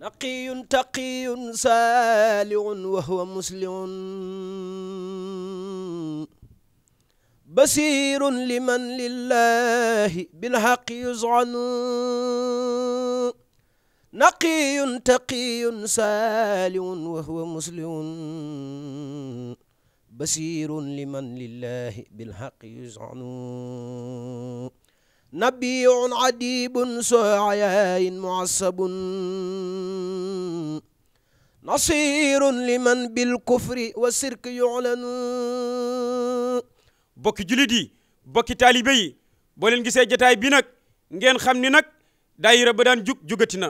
naqiyun taqiyun saalihun wa huwa muslihun basirun liman lillahi bilhaqi yuzanu naqiyun taqiyun saalihun wa huwa muslihun basirun liman نبيع عديب سعياء معصب نصير لمن بالكفر والسرك يعلن bokki jullit yi bokki taalibe yi boo leen gisee jataay bi nag ngeen xam ni nag daayira ba daan jug jugati na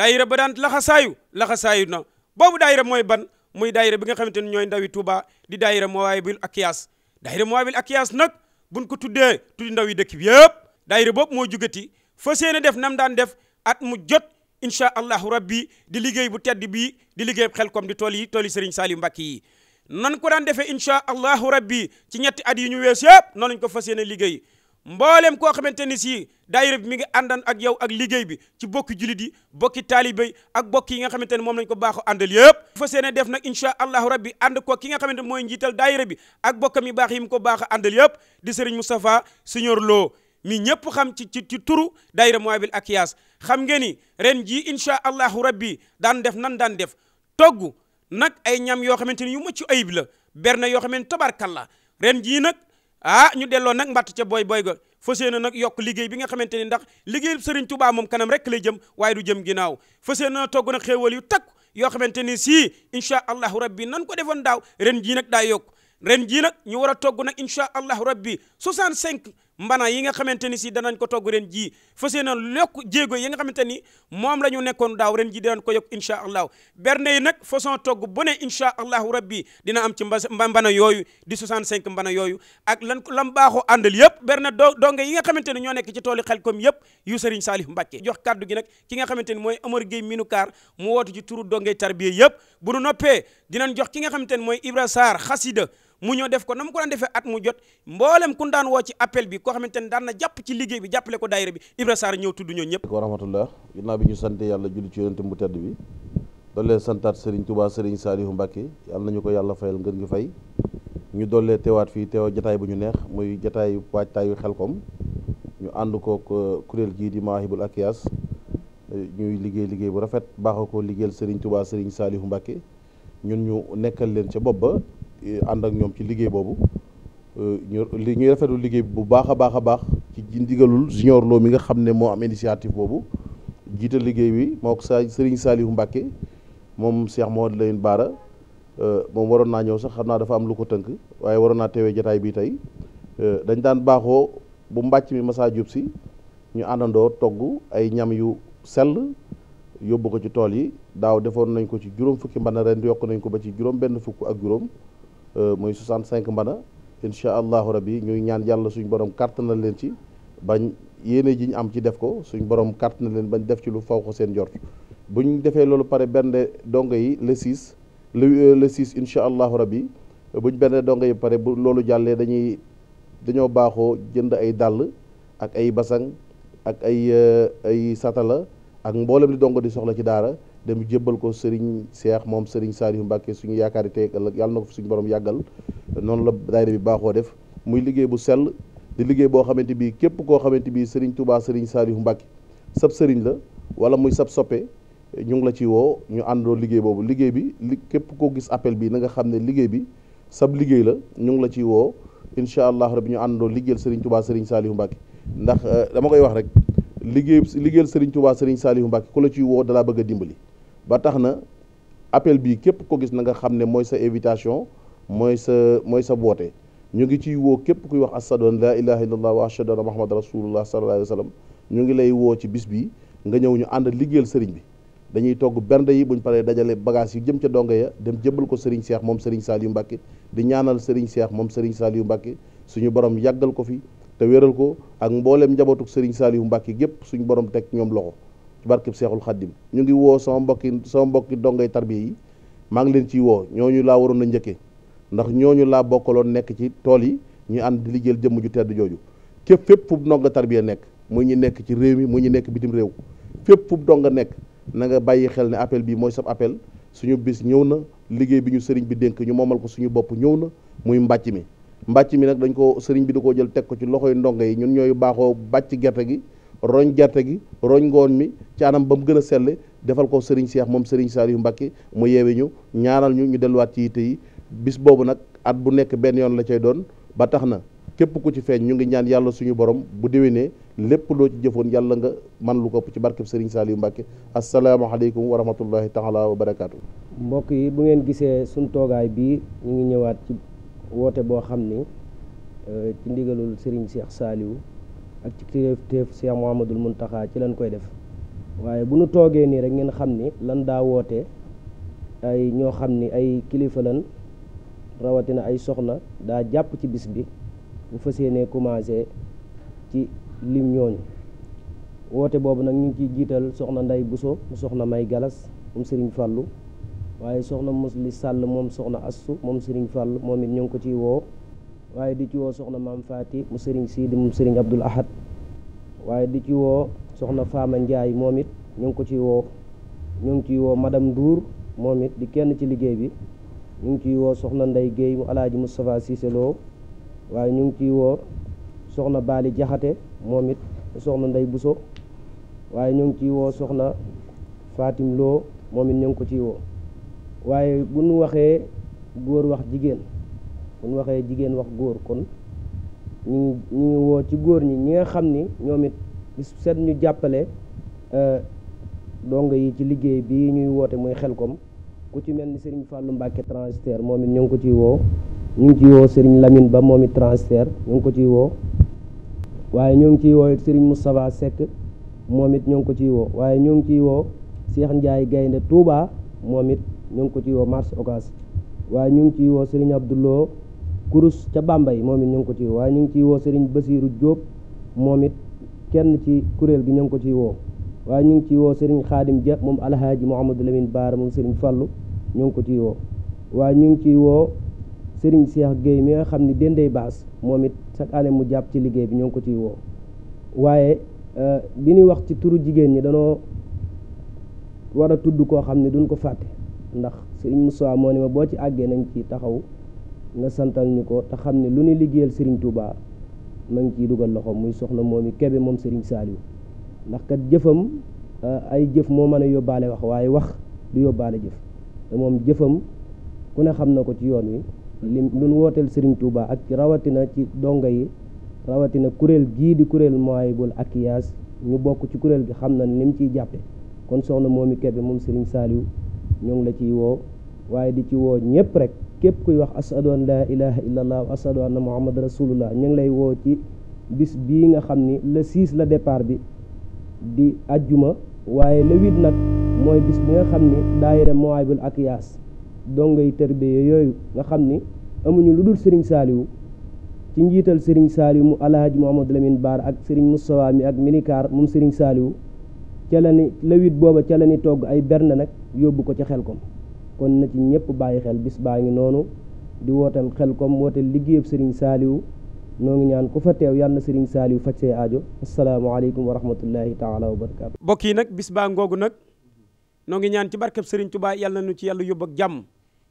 daayira ba daan laxasaayu laxasaayu na boobu daayira mooy ban muy daayira bi nga xamante ne ñooy ndawi Touba di daayira Mawaahiboul Akyaas daayira Mawaahiboul Akyaas nag buñ ko tuddee tuddi ndaw yi dëkk bi yëpp daayira boobu moo jugati fa seen def nam daan def at mu jot incha allahu rabbi di liggéey bu tedd bii di liggéey Xelcom di tool yi tool yi Serigne Saliou Mbacké yi nan ko daan defee incha allahu rabbi ci ñetti at yi ñu wees yëpp noonu ñu ko fas yéene liggéey mboolem koo xamante ni si daayira bi mi ngi àndan ak yow ak liggéey bi ci bokki julit yi bokki taalibe yi ak bokk yi nga xamante ne moom lañ ko baax àndal yëpp fas yéene def nag incha allahu rabbi ànd ko ki nga xamante ne mooy njiital bi ak bokkam yi yi mu ko baax a àndal yëpp di Serigne Moustapha Signor Lo mi ñëpp xam ci ci ci turu daayira Mouwahiboul Akyaas xam ngeen ni ren ji incha allahu rabbi daan def nan daan def togg nag ay ñam yoo xamante ni yu mucc ayib la berne yoo xamante tabarkalla ren jii nag ah ñu delloo nag mbatt ca booy booy ga fas yéene nag yokk liggéey bi nga xamante ni ndax liggéey Serigne Touba moom kanam rek lay jëm waay du jëm ginnaaw fas yéene na togg nag xéewal yu tak yoo xamante ni sii incha allahu rabbi nan ko defoon daaw ren jii nag daa yokk ren jii nag ñu war a togg nag incha allahu rabbi 65 mbana yi nga xamante ni si danañ ko togg ji jii fas yéene yokk jéego yi nga xamante ni moom la ñu nekkoon daaw ren ji dinañ ko yokk incha allahu berne yi nag façon togg bu ne incha allahu rabbi dina am ci mba mbana yooyu di 65 mbana yooyu ak lan lam baaxoo àndal yëpp berne do donge yi nga xamante ni ñoo nekk ci tooli Khelcom yëpp yu Serigne Salif Mbacké jox kaddu gi nag ki nga xamante ni mooy Omar Gueye Minoukaar mu wootu ci turu donge tarbiya yëpp bu nu noppee dinañ jox ki nga xamante ni mooy Ibra Sarr xasida mu ñëw def ko na mu ko daan defee at mu jot mboolem kun daan woo ci appel bi koo xamante ne daan na jàpp ci liggéey bi jàppale ko daayira bi Ibra Sarr ñëw tudd ñoo ñëpp wa rahmatullah ginnaaw bi ñu sante yàlla julli ci yonente mu tedd bi doolee santaat Serigne Touba Serigne Saliou Mbacké yàlla nañu ko yàlla fayal ngeen gi fay ñu doolee teewaat fii teewa jataay bu ñu neex muy jataayu xel Xelcom ñu ànd ko euh, kuréel gii di Mawahibou Akyas ñuy liggéey liggéey bu rafet baax ko liggéeyal Serigne Touba Serigne Saliou Mbacké ñun ñu nekkal leen ca bopp ba Eh, ànd ak ñoom ci liggéey boobu eh, ñu li ñuy rafetu liggéey bu baax a baax a baax ci ndigalul junior loo mi nga xam ne moo am initiative boobu jiital liggéey bi moo ko sa Serigne Saliou Mbacke moom Cheikh Mouhamadou Lamine Bara eh, moom waroon naa ñëw sax xam naa dafa am lu ko tënk waaye waroon naa teewee jataay bii tey dañ daan baaxoo bu mbàcc mi masaa jub si ñu àndandoo togg ay ñam yu sell yóbbu ko ci tool yi daaw defoon nañ ko ci juróom fukki mbana ren yokk nañ ko ba ci juróom fukk ak juróom Euh, mooy 65 mbana incha allahu rabi ñuy ñaan jàll suñ borom kàttanal leen ci bañ yéene ji ñu am ci def ko suñ borom kàttanal leen bañ def ci lu faw ko seen bu ñu defee loolu pare benn dongo yi le 6 le euh, le 6 incha allahu bu buñ benn dongo yi pare bu loolu jàllee dañuy dañoo baaxoo jënd ay dàll ak ay basang ak ay euh, ay satala ak mboolem li dongo di soxla ci daara. dem jébbal ko Serigne Cheikh moom Serigne Saliou Mbacke suñu yaakaar tey ak ëllëg yàlla na ko yàggal noonu la daayira bi baaxoo def muy liggéey bu sell liggéey boo xamante bi képp koo xamante bi Serigne Touba Serigne Saliou Mbacke sab Serigne la wala muy sab soppe ñu ngi la ci woo ñu àndoo liggéey boobu liggéey bi li képp koo gis appel bi na nga xam ne liggéey bi sab liggéey la ñu ngi la ci woo incha allah rabbi ñu àndoo liggéeyal Serigne tubaa Serigne Saliou Mbacke ndax euh, dama koy wax rek liggéey liggéeyal Serigne Touba Serigne Saliou Mbacke ku la ci woo dalaa bëgg a dimbali ba tax na appel bi képp ko gis na nga xam ne mooy sa invitation mooy sa mooy sa boote ñu ngi ciy woo képp kuy wax ashadu an laa ilaha illallah wa ashadu anna muhammad rasulullah sallallahu alayhi wa sallam ñu ngi lay woo ci bis bi nga ñëw ñu ànd liggéeyal sëriñ bi dañuy togg bernde yi buñ paree dajale bagage yi jëm ca donga ya dem jëbal ko sëriñ Cheikh moom sëriñ Saliou Mbacké di ñaanal sëriñ Cheikh moom sëriñ Saliou Mbacké suñu borom yàggal ko fi te wéral ko ak mbooleem njabootuk sëriñ Saliou Mbacké gépp suñu borom teg ñoom loxo ci barkeb seexul xaddim ñu ngi woo sama mbokki sama mbokki dongay tarbiya yi maa ngi leen ciy woo ñooñu laa waroon a njëkkee ndax ñooñu laa bokkaloon nekk ci tool yi ñu ànd di liggéeyal jëmm ju tedd jooju képp fépp fu ndonga tarbiya nekk mu ñu nekk ci réew mi mu ñu nekk bitim réew fépp fu ndonga nekk na nga bàyyi xel ne appel bi mooy sab appel suñu bis ñëw na liggéey bi ñu sëriñ bi dénk ñu moomal ko suñu bopp ñëw na muy mbàcc mi mbàcc mi nag dañ ko sëriñ bi da koo jël teg ko ci loxoy ndonga yi ñun ñooy baaxoo bàcc gerte gi roñ gerte gi roñ ngoon mi ci ba mu gën a selle defal ko Serigne Cheikh moom Serigne Saliou Mbacké mu yeewe ñu ñaanal ñu ñu delluwaat ci yitte yi bis boobu nag at bu nekk benn yoon la cay doon ba tax na képp ku ci feeñ ñu ngi ñaan yàlla suñu borom bu déwénee lépp loo ci jëfoon yàlla nga man lu ko ci barkeb Serigne Saliou Mbacké asalaamaaleykum wa rahmatullahi taala wa barakaatu. mbokk yi bu ngeen gisee suñ toogaay bii ñu ñëwaat ci woote boo xam ni euh, ci ndigalul Serigne Cheikh Saliou ak ci kilifteef Cheikh mun Mountakha ci lañ koy def waaye bu nu toogee nii rek ngeen xam ni lan daa woote ay ñoo xam ni ay kilifa lan rawatina ay soxna daa jàpp ci bis bi bu fas ne commencé ci lim ñooñu woote boobu nag ñu ngi ciy jiital soxna Nday Buso mu soxna May Galas moom sëriñ Fàllu waaye soxna li Sàll moom soxna Assu moom Serigne Fàllu moom it ñu ngi ko ciy woo waaye di ci woo soxna maam Faati mu sëriñ Sidi mu sëriñ Abdul Ahad waaye di ci woo soxna Faama Ndiaye moom it ñu ngi ko ciy woo ñu ngi ciy woo madame Ndour moom di kenn ci liggéey bi ñu ngi ciy woo soxna nday Guèye mu alaaji Moustapha Cissé Lo waaye ñu ngi ciy woo soxna Baali Jaxate moomit it soxna nday Buso waaye ñu ngi ciy woo soxna faatim loo moomit it ñu ko ciy woo waaye bu nu waxee góor wax jigéen bu ñu waxee jigéen wax góor kon ñu ñu woo ci góor ñi ñi nga xam ni ñoom it seet ñu jàppale euh, dongo yi ci liggéey bi ñuy woote muy koom ku ci mel ni Serigne fàllu mbàkke transitaire moom it ñu ngi ko ci woo ñu ngi ciy woo Serigne Lamine Ba moom it transitaire ngi ko ciy woo waaye ñu ngi ciy woo Serigne Moustapha Seck moom it ñu ngi ko ciy woo waaye ñu ngi ciy woo Cheikh Ndiaye Gaynde Touba moom it ñu ngi ko ciy woo Mars Ocas waaye ñu ngi woo Serigne Abdoulou kurus ca Bambey moom it ñu ngi ko ciy woo waaye ñu ngi ciy woo Serigne Basiiru Jóob moom it kenn ci kuréel gi ñu ngi ko ciy woo waaye ñu ngi ciy woo Serigne Xaadim Ja moom alhaaji Mouhamadou Lamine Baara moom Serigne Fàllu ñu ngi ko ciy woo waaye ñu ngi ciy woo Serigne Cheikh Gueye mi nga xam ni dendey baas moom it chaque année mu jàpp ci liggéey bi ñu ngi ko ciy woo waaye euh, bi ñuy wax ci turu jigéen ñi danoo wara tudd koo xam ne duñ ko fàtte ndax Serigne Moussa moo ne ma boo ci àggee nañ ci taxaw nga santal ñu ko te xam ne lu ñu liggéeyal Serigne Touba ma ngi ciy dugal loxo muy soxna moom i kebe moom Serigne Saliou ndax kat jëfam euh, ay jëf moo mën a yóbbaale wax waaye wax du yóbbaale jëf te moom jëfam ku ne xam na ko ci yoon wi li lu ñu wooteel Serigne Touba ak ci rawatina ci dongo yi rawatina kuréel gii di kuréel ak Akyas ñu bokk ci kuréel gi xam na ni mu ciy jàppe kon soxna moom i kebe moom Serigne Saliou ñoo ngi la ciy woo waaye di ci woo ñëpp rek képp kuy wax ashadu an laa ilaha illa allah wa ashadu anna muhammad rasulullah ñu ngi lay woo ci bis bi nga xam ni le 6 la départ bi di ajjuma waaye le 8 nag mooy bis bi nga xam ni daayira Mawahibul Akyaas dongay tërbiye yooyu nga xam ni amuñu lu dul Serigne saaliwu ci njiital Serigne Saliou mu alhaji Mouhamadou Lamine Baar ak Serigne Moustapha mi ak Minikar moom Serigne Saliou ca la ni le booba ca la ni togg ay berne nag yóbbu ko ca ko kon na ci ñëpp bàyyi xel bis baa ngi noonu di wooteem xel comme woote liggéeyub sëriñ saaliwu noo ngi ñaan ko fa teew yàlla na sëriñ saaliwu faj see aajo asalaamaaleykum wa rahmatullahi taala wa barakaatu mbokk yi nag bis baa ngoogu nag noo ngi ñaan ci barkeb sëriñ tubaa yàlla na nu ci yàlla yóbbu ak jàmm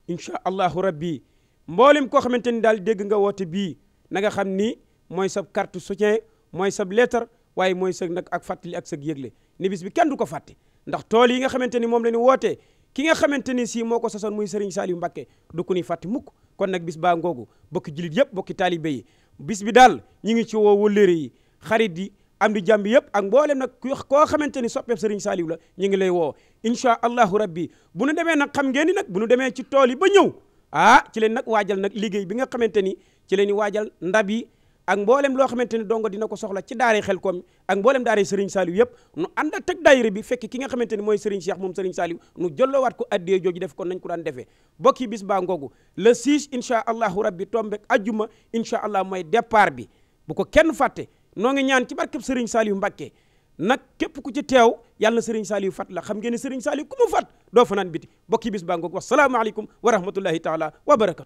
incha allahu rabbi mboolem koo xamante ni daal dégg nga woote bii nanga xam ni mooy sab carte soutien mooy sab lettre waaye mooy sag nag ak fàttali ak sag yëgle ni bi kenn du ko fàtte ndax tool yi nga xamante ni moom la ñu wootee ki nga xamante ni sii moo ko sosoon muy Serigne Saliou Mbacké du ku ni fàtte mukk kon nag bis baa ngoogu bokki jullit yëpp bokki taalibe yi bis bi daal ñi ngi ci woo wëllëre yi xarit yi am di jàmbi yëpp ak mboolem nag koo xamante ni soppeeb Serigne Saliou la ñu ngi lay woo incha allahu rabbi bu nu demee nag xam ngeen ni nag bu nu demee ci tool yi ba ñëw ah ci leen nag waajal nag liggéey bi nga xamante ni ci leen waajal ndab yi ak mboolem loo xamante ni dongo dina ko soxla ci daare xel koom ak mboolem daare Serigne Saliou yëpp nu ànd ak teg daayira bi fekk ki nga xamante ni mooy Serigne Cheikh moom Serigne Saliou nu jolloowaat ko addee jooju def kon nañ ko daan defee bokk yi bis baa ngoogu le 6 incha allahu rabbi tombe ajjuma incha allah mooy départ bi bu ko kenn fàtte noo ngi ñaan ci barkeb Serigne Saliou Mbacké nag képp ku ci teew yàlla na Serigne Saliou fat la xam ngeen ne Serigne Saliou ku mu fat doo fanaan biti bokk yi bis baa ngoogu wasalaamaaleykum wa rahmatullahi taala wa barakatu